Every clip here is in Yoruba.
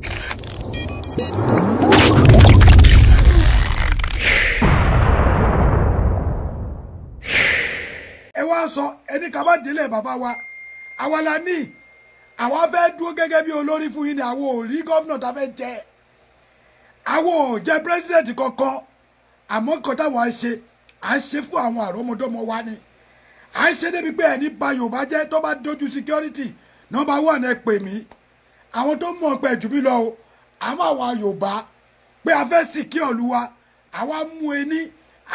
ẹ wá sọ ẹni ká bá délé bàbá wa àwa la ní àwa fẹ́ dúró gẹ́gẹ́ bí olórí fún yín ni àwa ò rí gọ́vnà tá a fẹ́ jẹ àwa ò jẹ pírẹsidẹ̀ntì kankan àmọ́ nǹkan táwọn á ṣe à ń ṣe fún àwọn àrọ́mọdọ́mọ wa ni à ń ṣe débi pé ẹni bà Yorùbá jẹ́ tó bá dojú security number one ẹ pè mí àwọn tó mọ̀ pẹ̀ jù mí lọ o àwọn àwa Yorùbá pé a fẹ́ sì kí Olúwa àwa mú ení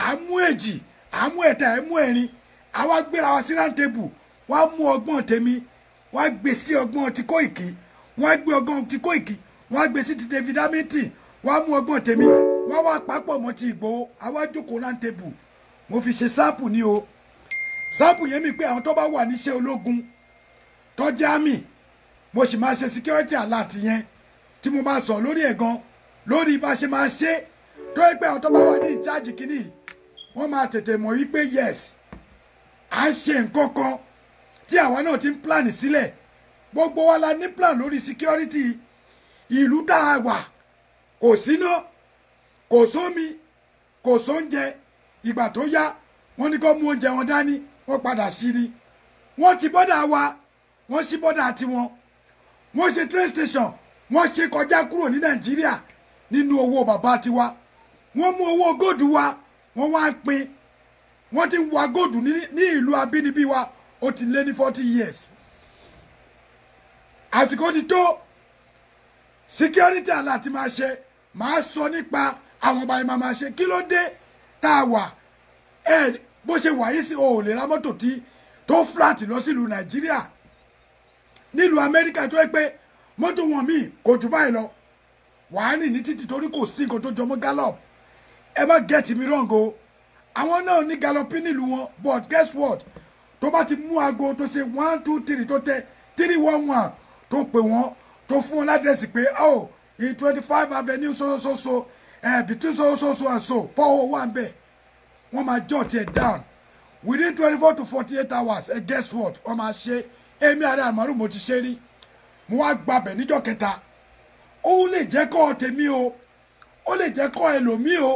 àmú èjì àmú ẹ̀ta àmú ẹ̀rin àwa gbéra wa sí ráńtẹ́bù wọ́n á mú ọgbọ́n tèmi wọ́n á gbé sí ọgbọ́n ti Kóìkì wọ́n á gbé ọgbọ́n ti Kóìkì wọ́n á gbé sí ti David Hamilton wọ́n á mú ọgbọ́n tèmi wọ́n wá papọ̀ mọ́ ti Ìgbòho àwa jókòó ráńtẹ́bù mo fi ṣe sáàpù ni o sáàpù yẹn mi pé àwọn tó bá wà níṣẹ́ ológun tó jẹ́ mo sì máa ṣe security alert yẹn tí mo máa sọ lórí ẹ̀ gan lórí bá ṣe máa ṣe tó yẹ pé àwọn tó bá wà ní ìjáàjì kínní wọ́n máa tètè mọ̀ yí yes à ń ṣe nǹkan kan tí àwa náà ti ń plan sílẹ̀ gbogbo wa la ní plan lórí security ìlú tá a wà kò síná kò sómi kò sóúnjẹ ìgbà tó yá wọ́n ní kó mú oúnjẹ wọn dání wọ́n padà sí ni wọ́n ti bọ́dà wa wọ́n sí bọ́dà tiwọn wọ́n ṣe train station wọ́n ṣe kọjá kúrò ní nàìjíríà nínú owó bàbá tiwa wọ́n mú owó góòdù wa wọ́n wá ń pín wọ́n ti ń wa góòdù ní ìlú abínibí wa ó ti lé ní forty years àsìkò ti tó security aláti máa ṣe máa sọ nípa àwọn ọba ìmọ̀ máa ṣe kí ló dé tá a wà ẹ bó ṣe wà yìí sí o ò tí tó flat lọ sílùú nàìjíríà nílùú amẹ́ríkà tó yẹ pé mọ́tò wọn míì kò jù báyìí lọ wàá rìn ní títì torí kò sí nǹkan tó jọmọ́ gallop ẹ bá gẹ̀ẹ́tì mi rán go àwọn náà ní galloping nílùú wọn but guess what tó bá ti mú aago tó ṣe one two three tó tẹ three one one tó pè wọ́n tó fún wọn ládírẹ́sì pé oh in twenty five avenue so so so eh, between so so so and so paul wà ń bẹ̀ wọ́n máa jọ̀ tiẹ̀ down within twenty four to forty eight hours ẹ eh, guess what wọ́n máa ṣe é èmi ara àmọ́rù mo ti ṣe rí mo wá gbabẹ̀ níjọ́ kẹta ó lè jẹ́ kọ́ ọ tèmi o ó lè jẹ́ kọ́ ẹlòmíì o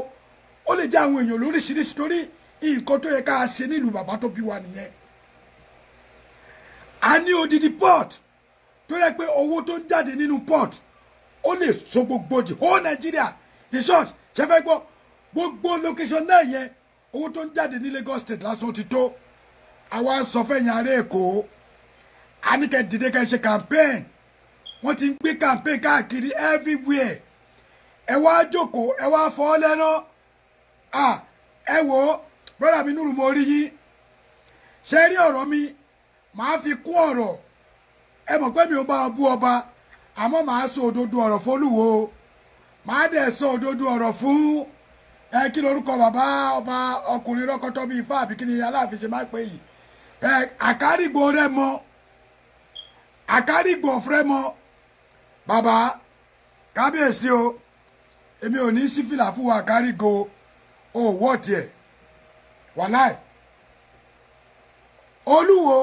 ó lè jẹ́ àwọn èèyàn lóríṣiríṣi torí nǹkan tó yẹ ká ṣe nílùú bàbá tó bí wa nìyẹn a ní odidi port tó yẹ pé owó tó ń jáde nínú port ó lè so gbogbo the whole Nigeria the short ṣe fẹ́ gbọ́ gbogbo location náà yẹn owó tó ń jáde ní Lagos state lásán ti tó àwa sọ fẹ́yìn ará Èkó anike dide ka se campaign won ti n gbe campaign kaakiri everywhere e wa joko e wa fo lero ah e wo brother mi nuru mo ri yin se ri oro mi ma fi ku oro e mo pe mi o ba bu oba amo ma so ododo oro fo luwo ma de so ododo oro fun e oruko baba oba okunrin rokoto bi fa bi kini alaafi se ma pe yi e akari gbo Akari àkárìgbò fúrẹ́mọ bàbá kábíyèsí o èmi ò ní sífìlà fún wa àkárìgbò o wọ́ tiẹ̀ wàláì olúwo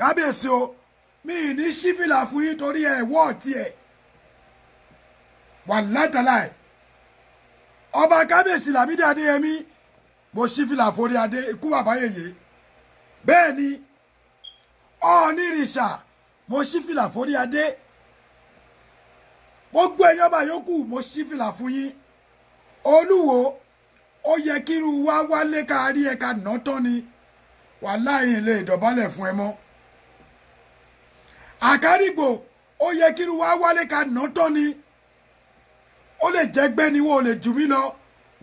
kábíyèsí o mi ì ní sífìlà fún yín torí ẹ̀ wọ́ tiẹ̀ wàláì tàláì ọba kábíyèsí làbídé adéyẹmí mo sífìlà forí adé ikú bàbá yèyé bẹ́ẹ̀ ni ọ̀ọ́nì rìṣà mo ṣí fìlà forí adé gbogbo ẹ̀yin ọba yòókù mo ṣí fìlà fún yín olúwo ó yẹ kí irú wa wálé ká rí ẹ ká nà tán ni wàláhì lè dọ̀bálẹ̀ fún ẹ mọ́ àkárìgbò ó yẹ kí irú wa wálé ká nà tán ni ó lè jẹ́ gbẹ́ ni wọ́n ò lè jù mí lọ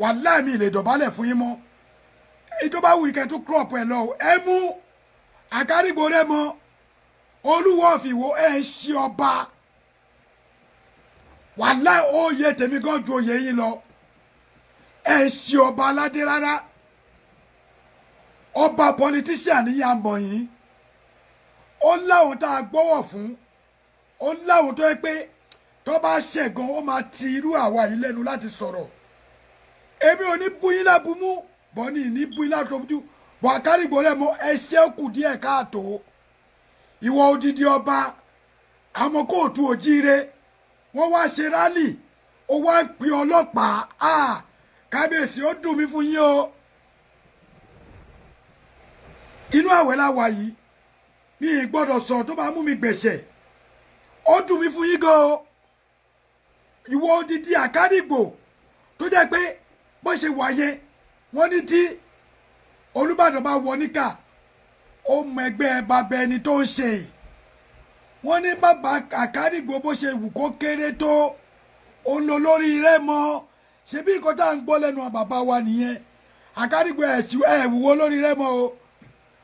wàláhì mi lè dọ̀bálẹ̀ fún yín mọ́ ìjọba wù crop ẹ̀ lọ ẹ mú àkárìgbò rẹ mọ́ olúwo fìwò ẹ̀ ń ṣe ọba wàhálà oyè tèmi gan ju oyè yín lọ ẹ̀ ń ṣe ọba aládé rárá ọba politician ni yà mọ̀ yín ó láwọn tá a gbọ́wọ̀ fún ó láwọn tó yẹ pé tó bá ṣẹ̀gàn ó máa ti irú àwa yìí lẹ́nu láti sọ̀rọ̀ èmi ò ní bú yín lábùmú bọ́ni ní bú yín lábùjú bọ̀ àkárìgbò rẹ̀ mọ́ ẹ ṣe díẹ̀ káàtó ìwọ odidi ọba àmọ́ kóòtù òjíire wọ́n wá ṣe rálì ó wá pe ọlọ́pàá a kábíyèsí ó dùn mí fún yín o inú àwẹ̀ la wà yìí mi ì gbọ́dọ̀ sọ̀rọ̀ tó máa mú mi gbẹ̀ṣẹ̀ ó dùn mí fún yín gan o ìwọ odidi àkárìgbò tó jẹ́ pé bó ṣe wà yẹn wọ́n ní tí Olúbàdàn bá wọ níkà ó mọ ẹgbẹ́ bàbá ẹni tó ń ṣe wọ́n ní bàbá àkárìgbò bó ṣe wù kó kéré tó òun lò lórí Rẹ́mọ ṣebí nǹkan tá à ń gbọ́ lẹ́nu bàbá wa nìyẹn àkárìgbò ẹ̀sùn ẹ̀ wúwo lórí Rẹ́mọ o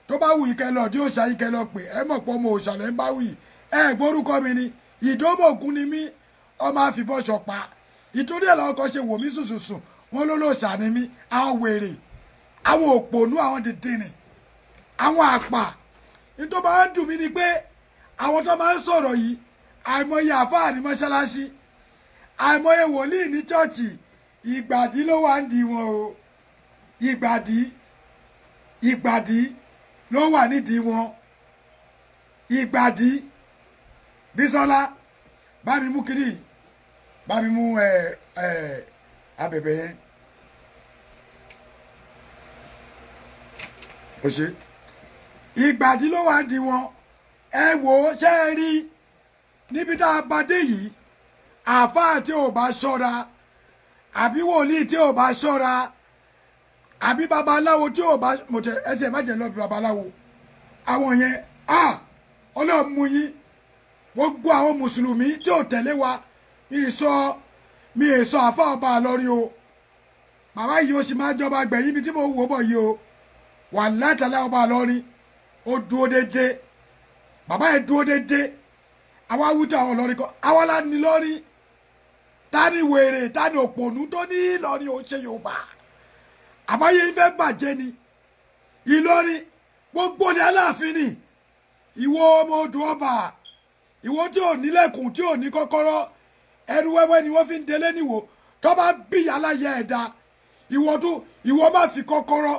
tó bá wù ìkẹlẹ ọdí òòṣà ìkẹlẹ ọpẹ ẹ mọ̀ pọ̀ ọmọ òòṣà lẹ́ ń bá wì ẹ gbórúkọ mi ni ìdómògùn ni mí ọmọ àfìbọn ṣọpa ìtorí ẹ̀ làwọn ṣe wò mí sùsùsù wọn ló lóòṣà ni mí àwọn wèrè àwọn òpònú àwọn dìndìnrìn àwọn àpà ní tó máa ń dùn mí ni pé àwọn tó máa ń sọ̀rọ̀ yìí àìmọye àfáà ní mọ́ṣáláṣí àìmọye wòlíì ní chọ́ọ̀chì ìgbàdí ló wà ń di wọn o ìgbàdí ìgbàdí ló wà nídìí wọn ìgbàdí bísọ́lá bá mi mú kiri bá mi mú ẹ ẹ abẹ̀bẹ̀ yẹn. o ṣe ìgbàdí ló wá di wọn ẹ wò ó ṣe é rí níbi tá a bá dé yìí àáfàá tí ò bá ṣọ́ra àbí wòlíì tí ò bá ṣọ́ra àbí babaláwo tí ò bá mọtẹ ẹ tiẹ̀ má jẹ́ lọ babaláwo àwọn yẹn a Ọlọ́run mú yín gbogbo àwọn mùsùlùmí tí ò tẹ̀lé wa mi sọ mi sọ àáfàá ọba àlọrí o bàbá yìí ó sì máa jọba gbẹ̀yìn ibi tí mo wò bọ̀ yìí o wà látàlá ọba àlọrin ó dúró déédéé bàbá yẹn dúró déédéé àwa wúta àwọn lọ́rí kan àwa la ní lọ́rí ta ni wèrè ta ni òpònú tó ní lọ́rí ò ṣe Yorùbá àbáyé ifẹ̀ bàjẹ́ ni Ìlọrin gbogbo ní Aláàfin ni ìwọ ọmọ odò ọba ìwọ tí ò nílẹ̀kùn tí ò ní kọ́kọ́rọ́ ẹrú wẹ́wẹ́ ni wọ́n fi ń délé níwò tó bá bí aláyẹ ẹ̀dá ìwọ tó ìwọ má fi kọ́kọ́rọ́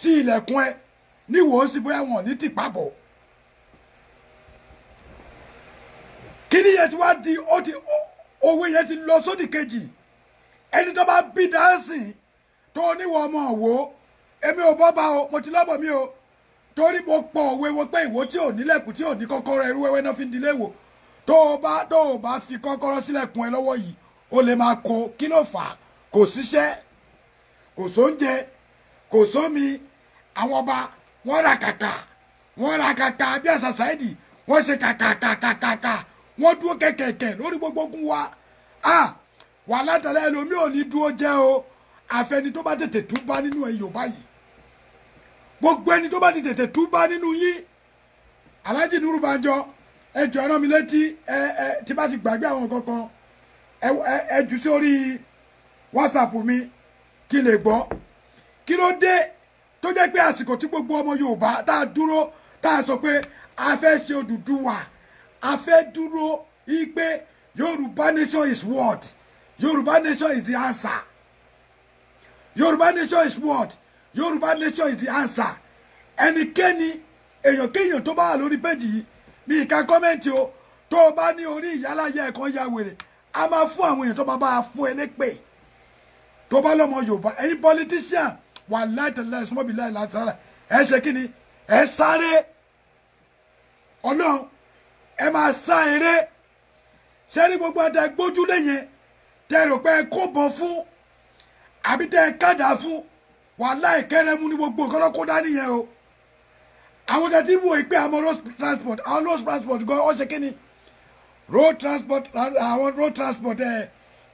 sí ilẹ̀kùn ẹ̀ níwò ó sì bóyá wọn ní tìpá bọ̀ kíní yẹn ti wá di ó ti owó yẹn ti lọ sódì kejì ẹni tó bá bí dáńsì tó níwọ̀ ọmọ òwò èmi ò bọ́ bá o mo ti lọ́bọ̀ mi o torí mo pọ̀ òwe wo pé ìwọ tí ò nílẹ̀kùn tí ò ní kọ́kọ́rọ́ ẹrú wẹ́wẹ́ náà fi dilé wò tó o bá tó o bá fi kọ́kọ́rọ́ sílẹ̀kùn ẹ lọ́wọ́ yìí o lè máa kó kí ló fà kò síṣẹ́ kò sóúnjẹ kò sómi àwọn ọba wọ́n ra kàkà wọ́n ra kàkà bí àṣà sáyẹ́dì wọ́n ṣe kàkà kàkà kàkà wọ́n dúró kẹ̀kẹ̀kẹ̀ lórí gbogbo ogun wa ah wà látàlẹ́ ẹlòmíì ò ní dúró jẹ́ o àfẹni tó bá tètè tún bá nínú ẹ Yorùbá gbogbo ẹni tó bá ti tètè tún bá nínú yín Alhaji Nuru Banjo ẹ jọ̀ọ́ ẹ rán mi létí ẹ ẹ tí bá ti gbàgbé àwọn kankan ẹ ẹ ẹ jù sórí WhatsApp mi kí lè gbọ́ kí ló dé tó jẹ́ pé àsìkò tí gbogbo ọmọ Yorùbá tá a dúró tá a sọ pé a fẹ́ ṣe Odùduwà a fẹ́ dúró yí pé Yorùbá nation is what Yorùbá nation is the answer Yorùbá nation is what Yorùbá nation is the answer ẹnikẹ́ni èèyàn kéèyàn tó bá wà lórí péjì yìí mi ìka kọ́mẹ́ǹtì o tó o bá ní orí ìyálàyà ẹ̀kan ya wèrè a máa fún àwọn èèyàn tó bá bá a fún ẹ lépè tó bá lọ́mọ Yorùbá ẹ̀yin politician wà láìtẹ̀lẹ́ ìsúnmọ́bí láì látara ẹ ṣe kí ni ẹ sáré ọlọ́run ẹ máa sá eré ṣé ní gbogbo ẹ̀dá gbójúlé yẹn tẹ rò pé ẹ kó bọ̀ fún àbí tẹ ẹ kádà fún wà láì kẹrẹmú ní gbogbo nǹkan lọ́kọ́ dání yẹn o àwọn tẹ ti wò ó pé àwọn road transport àwọn road transport gan ọ ṣe kí ni road transport àwọn road transport ẹ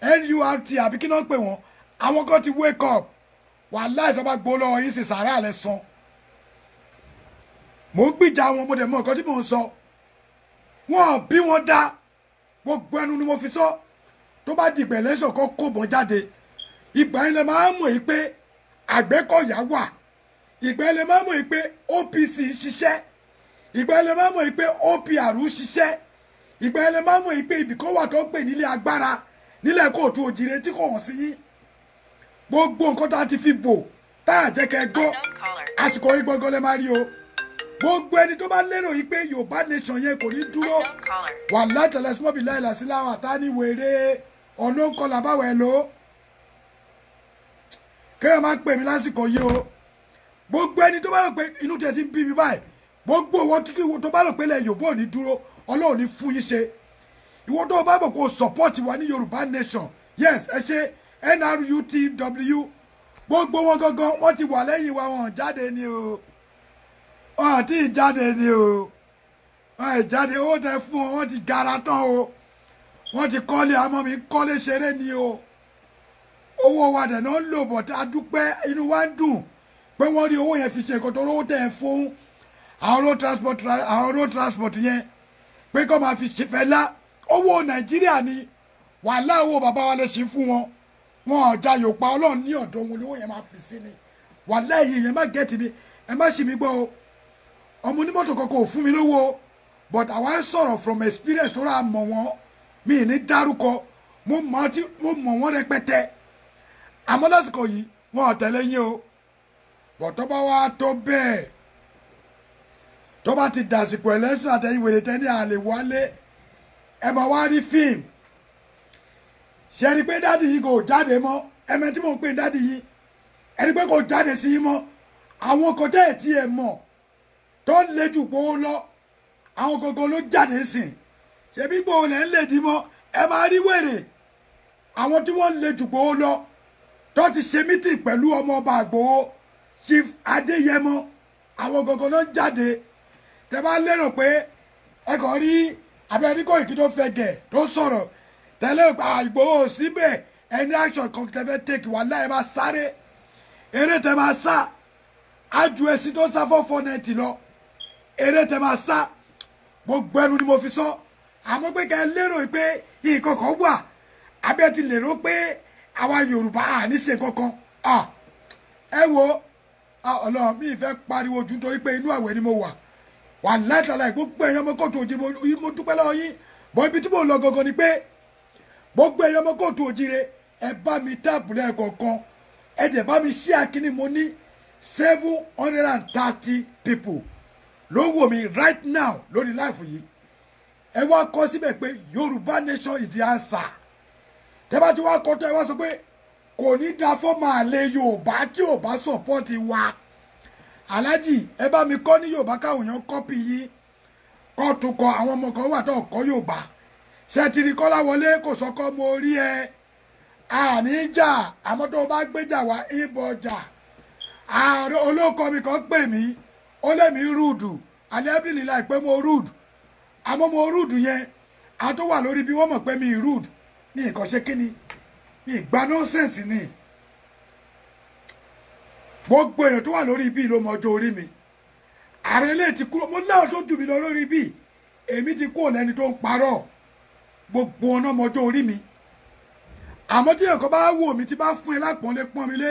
eh, nurt àbí kí náà pè wọ́n àwọn kan ti wake up wàhálà ìjọba gbó lọ́wọ́ yín sì sàárà lẹ san mò ń gbìjà wọn mo dẹ̀ mọ nǹkan tí mò ń sọ wọn bí wọn dá gbogbo ẹnu ni mo fi sọ tó bá dìgbẹ̀ lẹ́sọ̀ kan kó bọ́n jáde ìgbà yẹn lè máa mọ̀ yìí pé àgbẹ̀kọ̀yà wà ìgbà yẹn lè máa mọ̀ yìí pé OPC ń ṣiṣẹ́ ìgbà yẹn lè máa mọ̀ yìí pé OPR ń ṣiṣẹ́ ìgbà yẹn lè máa mọ̀ yìí pé ibìkan wà tó ń pè nílé agbára nílẹ̀ kóòtù òjìrè tí kò hàn sí yín gbogbo nǹkan tá a ti fi bò tá a jẹ́ kẹ́ gbọ́ àsìkò yìí gbọ́ngàn lẹ́ máa rí o gbogbo ẹni tó bá lérò yìí pé yorùbá nation yẹn kò ní dúró wà látàlẹ́ súnmọ́bì láìlà sí láwọn àtàní wèrè ọ̀nà kọlà báwọ̀ lò ó kéèyàn máa pè mí lásìkò yìí o gbogbo ẹni tó bá rò pé inú tẹ̀ ti ń bí mi báyìí gbogbo ìwọ kíkí tó bá rò pé ilẹ̀ yorùbá ò ní dúró ọlọ́run ní fún yín ṣe ìwọ tó bá bọ̀ kó support wa ní yorùbá nation yes ẹ ṣe nrutw gbogbo wọn gangan wọ́n ti wà lẹ́yìn wa wọ́n jáde ni o wọ́n ti jáde ni o wọ́n jáde ó tẹ fún wọn wọ́n ti gara tán o wọ́n ti kọ́lé àmọ́ mi kọ́lé ṣeré ni o owó wa dẹ̀ náà ń lò bọ̀ tá a dúpẹ́ inú wa ń dùn pé wọ́n rí owó yẹn fi ṣe nǹkan tó rówó tẹ̀ fún àwọn road transport àwọn road transport yẹn pé kọ́ máa fi ṣe fẹ́ lá owó Nàìjíríà ni wàhálà owó bàbá wa lè ṣe fún wọn wọn ọ̀dà yòpa ọlọ́run ní ọ̀dọ̀ wọn ni wọ́n yẹn máa fi sí ni wàláhì yẹn má gẹ́tì mi ẹ má ṣì mí gbọ́ o ọmọ onímọ́tò kankan ò fún mi lówó o but I ń sọ̀rọ̀ from experience tó rà mọ̀ wọ́n mi ní dárúkọ mo mọ̀ tí mo mọ̀ wọ́n rẹpẹtẹ àmọ́ lásìkò yìí wọn ò tẹ̀lé yín o bọ̀tọ́ bá wá tó bẹ́ẹ̀ tó bá ti dàsìkò ẹlẹ́sìn àtẹ̀yìnwèrè tẹ́ ní àlè wálé ẹ máa wá rí fíìmù ṣe rí i pé dáàdì yìí kò jáde mọ́ ẹ̀mẹ́ tí mò ń pè dáàdì yìí ẹ rí i pé kò jáde sí i mọ́ àwọn kan tẹ́ ẹ̀ tí ẹ mọ̀ tó ń le jù gbowó lọ àwọn gangan ló jáde sìn ṣebí gbowó lẹ́ ń lè dì mọ́ ẹ máa rí wèrè àwọn tí wọ́n ń le jù gbowó lọ tó ti ṣe mítìn pẹ̀lú ọmọ ọba àgbòho Chief Adéyẹmọ àwọn gangan ló ń jáde tẹ bá lérò pé ẹ kàn rí abẹ́rẹ́ kò ìkí tó fẹ́ gẹ̀ tó sọ̀rọ̀ tẹ́lẹ̀ pa ah, Ìgbòho síbẹ̀ ẹni action kan tẹ́ fẹ́ take wàhálà ẹ máa sáré eré tẹ́ máa sá ájú ẹ sí tó sá fọ́ fọ́ nẹ́ẹ̀tì lọ eré tẹ́ máa sá gbogbo ẹnu ni mo fi sọ àmọ́ pé ká ẹ lérò pé nǹkan kan wà abẹ́ ti lérò pé àwa Yorùbá à ní ṣe kankan ẹ wo Ọlọ́run mi fẹ́ pariwo jù nítorí pé inú àwẹ̀ ni mo wà wà látàlá ìgbógbó ẹ̀yàn ọmọ kóòtù òjì mo dúpẹ́ lọ́wọ́ yín bọ́ ibi tí mo lọ gangan ni pé gbogbo ẹ̀yọ́ ọmọ kóòtù òjire ẹ bá mi táàpù lẹ́ẹ̀kọ̀ọ̀kan ẹ dẹ̀ bá mi ṣí àkíní mo ní seven hundred and thirty people ló wò mí right now lórí láìfù yìí ẹ wá kọ síbẹ̀ pé yorùbá nation is the answer tẹ́ bá ti wá kọ tó ẹ wá sọ pé kò ní da fọ́ọ̀mù àlè yorùbá tí ò sọ̀pọ́ọ̀tì wa aláàjì ẹ bá mi kọ́ ní yorùbá káwọn èèyàn kọ́pì yìí kọ́ tó kọ àwọn ọmọ kan wà tó kọ́ yorùbá ṣètìrì kọ́lá wọlé kò sọ́kọ́ mo rí ẹ àní jà àmọ́ tó o bá gbéjà wá ìbọn jà ààrẹ olóko mi kan pè mí ó lé mi rúdù alẹ́bìrìlì láì pé mo rúdù àmọ́ mo rúdù yẹn a tó wà lórí bí wọ́n mọ̀ pé mi rúdù ní nǹkan ṣe kí ni ìgbà nọ́sẹ̀nsì ni gbogbo èèyàn tó wà lórí ibi ló mọjọ orí mi ààrẹ ilé ti kúrò mo láwọn tó jù mí lọ lórí ibi èmi ti kúrò lẹ́ni tó ń parọ́ gbogbo ọ̀nà ọmọjọ́ orí mi àmọ́ tí ẹ̀kọ́ bá wò mí tí bá fún ẹ lápọ̀nlé pọ́n mi lé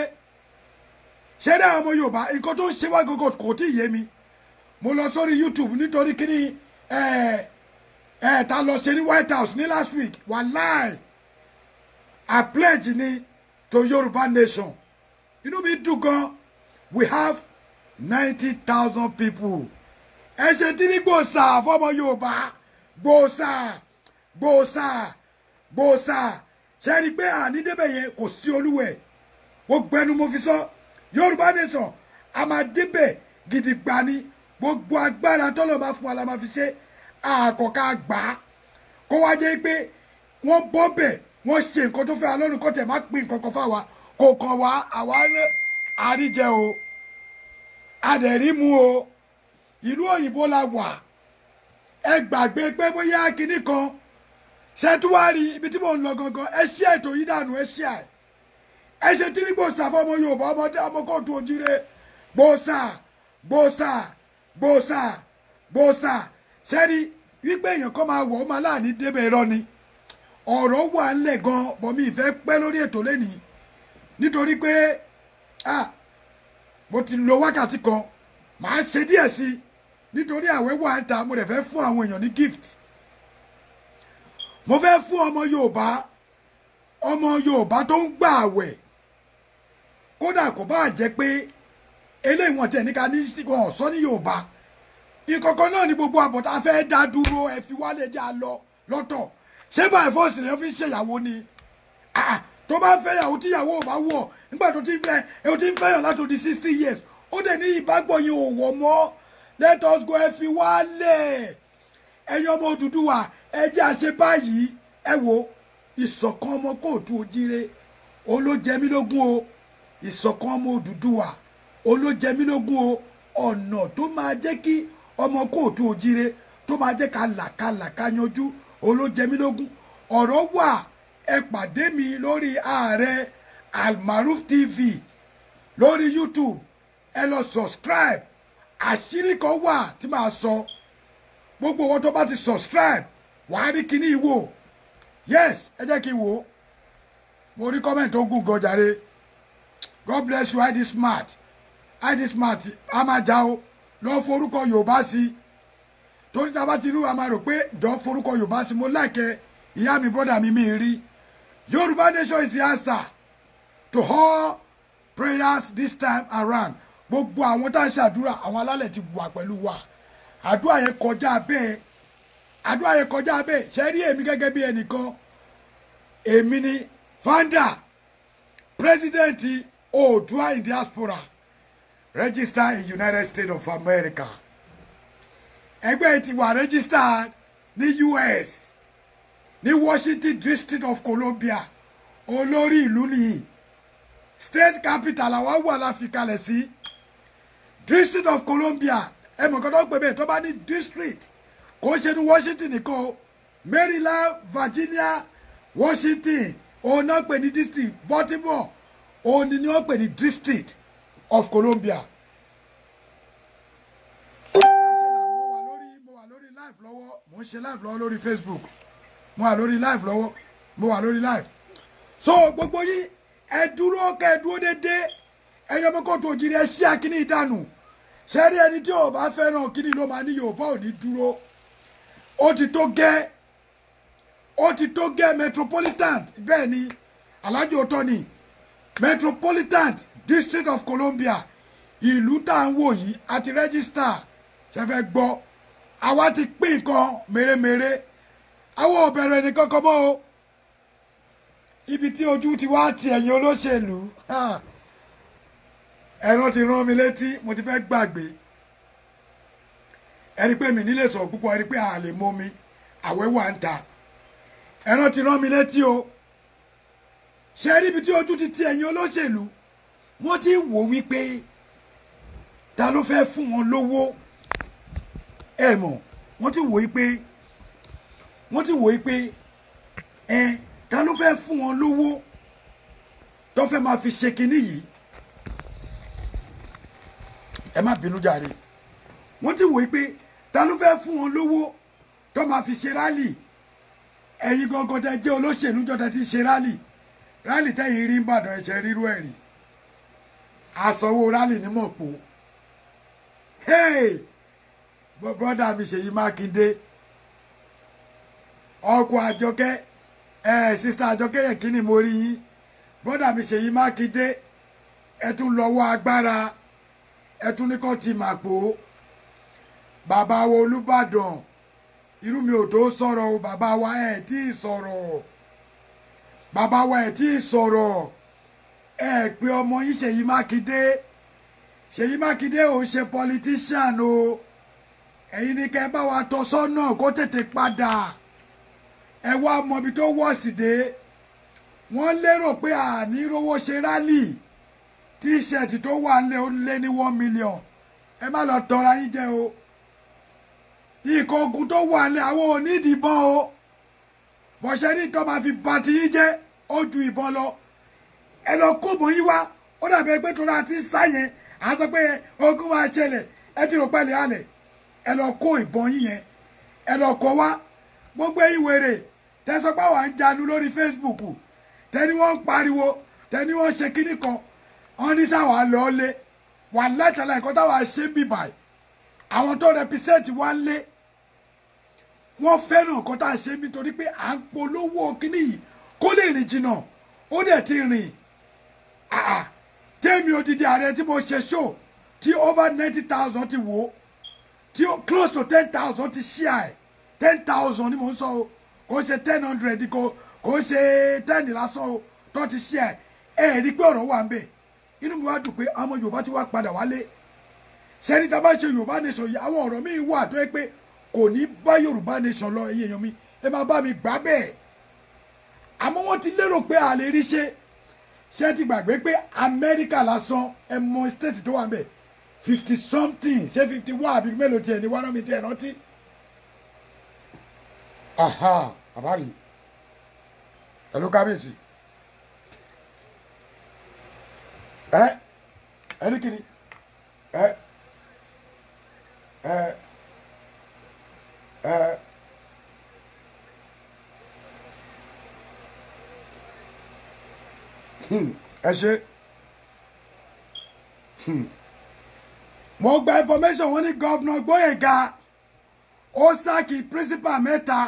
ṣé dáa ọmọ Yorùbá nǹkan tó ń ṣe wá gọ́gọ́ kò tí ì yé mi mo lọ sórí YouTube nítorí kíní ẹ ẹ ta lọ ṣe ní White House ní last week wàláì I pledge ni to Yorùbá nation inú mi dùn gan we have ninety thousand people ẹ ṣe tí ní gbòòsà fọmọ Yorùbá gbòòsà gbòòsà gbòòsà ṣe ni pé ànídébẹ̀ yẹn kò sí olúwẹ̀ gbogbo ẹnu mo fi sọ yorùbá nation a máa débẹ̀ gidi gbà ni gbogbo agbára tọ́lọ̀ bá fún wa la máa fi ṣe àkọ́kọ́ àgbà kó wá jẹ́ pé wọ́n bọ́ bẹ̀ wọ́n ṣe nǹkan tó fẹ́ wa lọ́rùn kọ́tẹ̀ má pín nǹkan kan fáwa kò kàn wá àwa àríjẹ o adẹ̀rí mu o ìlú òyìnbó la wà ẹ gbàgbé pé bóyá kinní kan ṣètúwárí ibi tí mo ń lọ gangan ẹ ṣí ètò yìí dànù ẹ ṣí àì ẹ ṣe tìrìgbò sàfọmọ yorùbá ọmọdé ọmọkọọtù òjire gbòòsà gbòòsà gbòòsà gbòòsà ṣẹ́ni wípé èèyàn kan máa wọ̀ ọ́ máa láàánú débẹ̀ irọ́ ni ọ̀rọ̀ wà ńlẹ̀ gan bọ̀mí ìfẹ́ pẹ́ lórí ètò lẹ́nìí nítorí pé mo ti lo wákàtí kan màá ṣe díẹ̀ sí i nítorí àwẹ̀ wà ń ta mo rẹ̀ fẹ́ fún àwọn èèyàn ní gift mo fẹ́ fún ọmọ Yorùbá ọmọ Yorùbá tó ń gbà àwẹ̀ kódà kò bá jẹ́ pé eléyìí wọn tiẹ̀ ní ká ní sígan ọ̀sán ní Yorùbá ìkọ̀kọ̀ náà ni gbogbo àbọ̀tá fẹ́ dá dúró ẹ fi wálé já lọ lọ́tọ̀ ṣé báyìí fọ́ọ̀sì lè fi ṣèyàwó ni tó bá fẹ́ yàwó tí yàwó ò bá wọ̀ nígbà tó ti fẹ́ ẹ ti fẹ́ yàn láti di sixty years ó dẹ̀ ní ìbágbọ̀yìn òwò mọ́ let us go ẹ fi wálé ẹ̀yin ọmọ Odùduwà ẹ jẹ́ àṣẹ báyìí ẹ wo ìṣọ̀kan ọmọ kóòtù òjíire òun ló jẹ mí lógún o ìṣọ̀kan ọmọ Odùduwà òun ló jẹ mí lógún o ọ̀nà tó máa jẹ́ kí ọmọ kóòtù òjíire tó máa jẹ́ ká làkàlà yanjú òun ọ̀rọ̀ wà ẹ pàdé mi lórí ààrẹ Almaroof TV lórí YouTube ẹ lọ subscribe àṣírí kan wà tí màá sọ gbogbo wọn tó bá ti subscribe wàá rí kíní ìwò yes ẹ jẹ́ kí n wò ó mo rí kọ́mẹ̀ntì tó gọjàre god bless you id smart id smart a máa já o lọ forúkọ yorùbá sí i torí tá a bá ti rú a máa rò pé jọ forúkọ yorùbá sí i mo láìkẹ́ ìyá mi brọ́dà mi mi rí yorùbá nation is the answer to all prayers this time around gbogbo àwọn tá a ṣàdúrà àwọn alálẹ̀ ti wà pẹ̀lú wa àdúrà yẹn kọjá bẹ́ẹ̀ àdúrà yẹn kọjá bẹ́ẹ̀ ṣe rí èmi gẹ́gẹ́ bí ẹnìkan èmi ni founder president Oòduà in diaspora register in United States of America ẹgbẹ́ ti wà registered ní US ní Washington District of Columbia olórí ìlú nìyí state capital àwa wà láfikalẹ̀ sí District of Columbia ẹ mọ̀ kọ́tọ́ pé bẹ́ẹ̀ tó bá ní district kò ṣe ní Washington nìkan o Maryland Virginia Washington òun náà pè ní district Baltimore òun ni wọ́n pè ní district of Columbia. mo ń ṣe live lọ́wọ́ lórí Facebook mo wà lórí live lọ́wọ́ mo wà lórí live so gbogbo yìí ẹ dúró kẹ ẹ dúró déédéé ẹyọ mọ́kàn tó jírí ẹ ṣí akíní ìdánù ṣẹ́rí ẹni tí ò bá fẹ́ràn kíní ló máa ní Yorùbá ò ní dúró ó ti tó gẹ́ ó ti tó gẹ́ metropolitan bẹ́ẹ̀ ni alájò ọ̀tọ̀ ni metropolitan district of Columbia ìlú tá à ń wò yìí àti rẹ́gísítà ṣe gbọ́ àwa ti pín nǹkan mèremère àwọn ò bẹ̀rẹ̀ nìkan kan mọ́ o ibi tí ojú ti wá ti ẹ̀yìn olóṣèlú ẹ̀rọ ti rán mi létí mo ti fẹ́ gbàgbé ẹni pé mi nílé sọ̀rọ̀ púpọ̀ ẹni pé a lè mọ mi àwẹ̀ wà ń ta ẹran ti rán mi létí o ṣe rí ibi tí ojú ti ti ẹ̀yin olóṣèlú wọ́n ti wò wípé ta ló fẹ́ fún wọn lówó ẹ mọ̀ wọ́n ti wò wípé wọ́n ti wò wípé ẹ ta ló fẹ́ fún wọn lówó tó fẹ́ máa fi ṣe kinní yìí ẹ má bínú jàre wọ́n ti wò wípé ta fun fẹ́ fún wọn lówó tó máa fi ṣe rálì ẹ̀yin gangan tẹ jẹ́ olóṣèlú jọta ti ṣe rálì rálì tẹ́yìn rí ń bàdàn riru ríru ẹ̀ rí àsanwó rálì ní mọ̀pó bọ́dà mi ṣèyí mákindé ọkọ̀ àjọkẹ́ ẹ sísá àjọkẹ́ yẹn kí ni mo rí yín mi ṣèyí mákindé etu tún agbara agbára ẹ̀ tún ní ti màpò. bàbá wa olùbàdàn irú mi ò tó sọ̀rọ̀ o bàbá wa ẹ̀ tí ì sọ̀rọ̀ bàbá wa ẹ̀ tí ì sọ̀rọ̀ ẹ pé ọmọ yín ṣèyí mákindé ṣèyí mákindé ò ṣe politician o ẹ̀yin ni kẹ́ ẹ bá wa tọ́ sọ́nà kó tètè padà ẹ wá mọbi tó wọ́ọ̀sì dé wọ́n lérò pé àní rówó ṣe rálì tíṣẹ̀tì tó wà lé ní one million ẹ má lọ tọra yín jẹ o nǹkan ogun tó wà lẹ àwọn onídìbọn o bọ̀ṣẹ́ ní nǹkan máa fi ba ti yín jẹ́ ó ju ìbọn lọ ẹ lọ kóòbù yín wá ó dàbí pé tó láti sáyẹn à ń sọ pé ogun máa ṣẹlẹ̀ ẹ ti rò pẹ́lẹ́ àlẹ̀ ẹ lọ kó ìbọn yín yẹn ẹ lọ kọ wá gbogbo ìwèrè tẹsọpá wà ń janu lórí Facebook tẹni wọn ń pariwo tẹni wọn ń ṣe kínní kan wọn ní sáwọn àlọ́ wà látàlá ẹ̀kọ́ táwọn ṣe ń àwọn tó rẹpísẹ́ǹtì wá lé wọ́n fẹ́ràn nǹkan tá à ń ṣe nítorí pé à ń polówó kíní yìí kó lè rìn jìnnà ó dẹ̀ ti rìn tèmi odidi ààrẹ tí mo ṣe show tí over ninety thousand ti wò ó tí close to ten thousand ti share ten thousand ni mo ń sọ o kò ṣe ten hundred kò kò ṣe ten lásán o tó ti share ẹ rí pé ọ̀rọ̀ wà ń bẹ̀ inú mi wá dùn pé ọmọ Yorùbá ti wá padà wálé ṣẹ́ni tá a bá ṣe Yorùbá nation yìí àwọn ọ̀rọ̀ míì wà tó yẹ pé kò ní bá yorùbá nation lọ ẹ̀yin èèyàn mi ẹ máa bá mi gbà bẹ́ẹ̀ àmọ́ wọ́n ti lérò pé a lè rí ṣe ṣé ti gbàgbé pé amẹ́ríkà lásán ẹ mọ state tó wà ńbẹ̀ fifty something ṣé fifty one àbí mélòó tiẹ̀ ní wọ́n náà mi tiẹ̀ rántí. aha àbárí ẹ̀lú kábíyèsí ẹ ẹni kìíní ẹ ẹ. Uh, ẹsẹ mo gba information wọ́n ni gọvnọ gboyega ó sáàkì principal mẹ́ta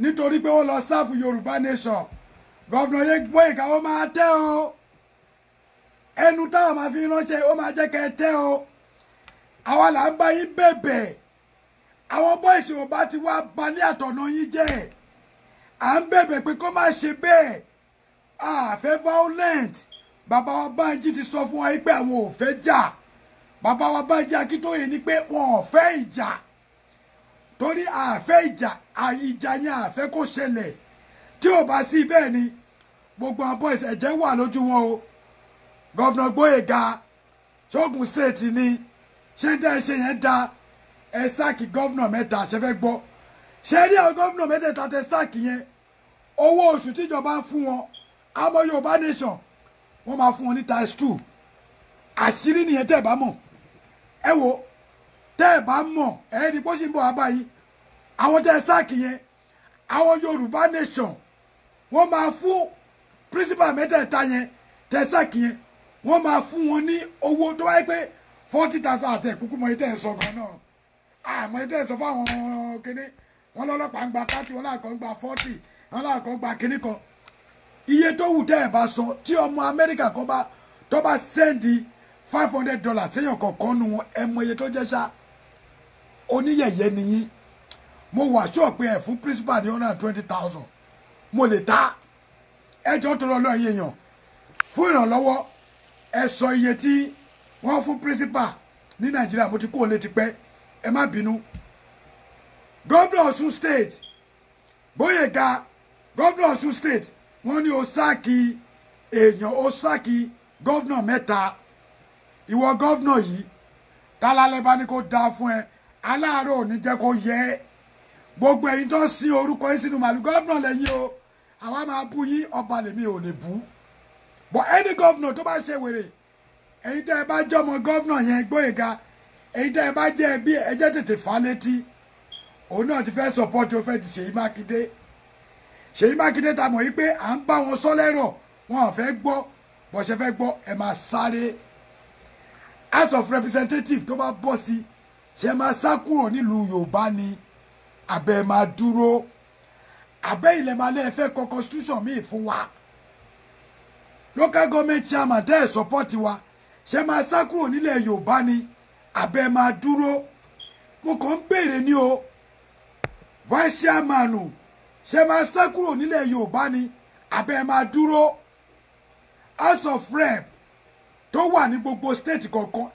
nítorí pé wọ́n lọ sáàfù Yorùbá nation gọvnọ yẹn Gbóyèga ó máa tẹ o ẹnu táwọn máa fi ránṣẹ́ ó máa jẹ́ kẹ́ tẹ o àwa là ń bá yín bẹ̀bẹ̀. àwọn bọ́ìsì ò bá ti wá balẹ̀ àtọ̀nà yín jẹ́ à ń bẹ̀bẹ̀ pé kó má ṣe bẹ́ẹ̀ àfẹ́ violent bàbá wa Bánjí ti sọ fún wa pé àwọn ò fẹ́ jà bàbá wa Bánjí Akíntóyè ni pé wọn ò fẹ́ ìjà torí àfẹ́ ìjà ìjà yẹn àfẹ́ kó ṣẹlẹ̀ tí ò bá sí bẹ́ẹ̀ ni gbogbo àwọn bọ́ìsì ẹ̀jẹ̀ wà lójú wọn o gọ́vnà Gbóyèga ṣóògùn state ni ṣé dá ṣe yẹn dáa ẹ sáàkì gọ́vnà mẹ́ta ṣẹfẹ́ gbọ́ ṣe rí àwọn gọ́vnà mẹ́tẹ̀ẹ̀ta tẹ sáàkì yẹn owó oṣù tíjọba ń fún wọn àmọ́ Yorùbá nation wọ́n máa fún wọn ní times two àṣírí nìyẹn tẹ́ ẹ̀ bá mọ̀ ẹ wo tẹ́ ẹ̀ bá mọ̀ ẹ̀ ní bó ṣe ń bọ̀ wá báyìí àwọn tẹ́ sáàkì yẹn àwọn Yorùbá nation wọ́n máa fún principal mẹ́tẹ̀ẹ̀ta yẹn tẹ́ ẹ sáàkì yẹn wọ́n máa fún wọn ní owó tó wáyé pé forty thousand àtẹ̀kùkù mọ̀ yìí tẹ́ ẹ sọ náà àmọ́ ẹ tẹ́ sọ fáwọn kíní wọn lọ́lọ́pàá ń gba thirty wọn làkọ́ ń gba forty wọn làkọ́ ń gba kíní kan iye tó wù tẹ́ ẹ̀ bá sọ tí ọmọ amẹ́ríkà kan bá tó bá sẹ́ndì five hundred dollars séèyàn kọ̀ọ̀kan nu wọn ẹ mọ iye tó jẹ́ ṣá oníyẹ̀yẹ́ nìyí mo wà sọ pé ẹ̀ fún principal ní one hundred twenty thousand mo lè ta ẹjọ́ tó lọ lọ iye yàn fún ìrànlọ́wọ́ ẹ sọ iye tí wọ́n fún principal ní nàìjíríà mo ti kó o létí pẹ́ ẹ má bínú gọ́vnà ọ̀ṣun state gbóyèga gọ́vnà ọ̀ṣun state wọ́n ní ó sáàkì èèyàn ó sáàkì gọ́vnà mẹ́ta ìwọ gọ́vnà yìí tálálẹ́ bá ní kó dáa fún ẹ aláàárọ̀ ò ní jẹ́ kó yẹ ẹ́ gbogbo ẹ̀yin tó sin orúkọ yín sínú màlúù gọ́vnà lẹ́yìn o àwa máa bú yín ọba lèmi ò lè bú but any gọ́vnà tó bá ṣe wèrè ẹ̀yin tẹ́ ẹ bá jọmọ gọ́vnà yẹn gbóyèga èyí tẹ́ ẹ bá jẹ́ ẹbí ẹ jẹ́ tètè fà létí òun náà ti fẹ́ support ó fẹ́ ti Ṣèyí Mákindé Ṣèyí Mákindé ta mọ̀ yí pé à ń bá wọn sọ lẹ́rọ̀ wọn ò fẹ́ gbọ́ bó fẹ́ gbọ́ ẹ máa sáré House of Representatives tó bá bọ́ sí ṣe máa sá kúrò nílùú Yorùbá ni àbẹ̀ máa dúró àbẹ̀ ilẹ̀ máa lé ẹ̀fẹ́ kọ constitution míì fún wa local government chairman tẹ́ ẹ̀ support wa ṣe máa sá kúrò nílẹ̀ Yorùbá ni abẹ́ máa dúró mo kàn ń béèrè ní o vice chairman ṣe máa sá kúrò nílẹ̀ Yorùbá ni abẹ́ máa dúró house of rep tó wà ní gbogbo state kọ̀ọ̀kan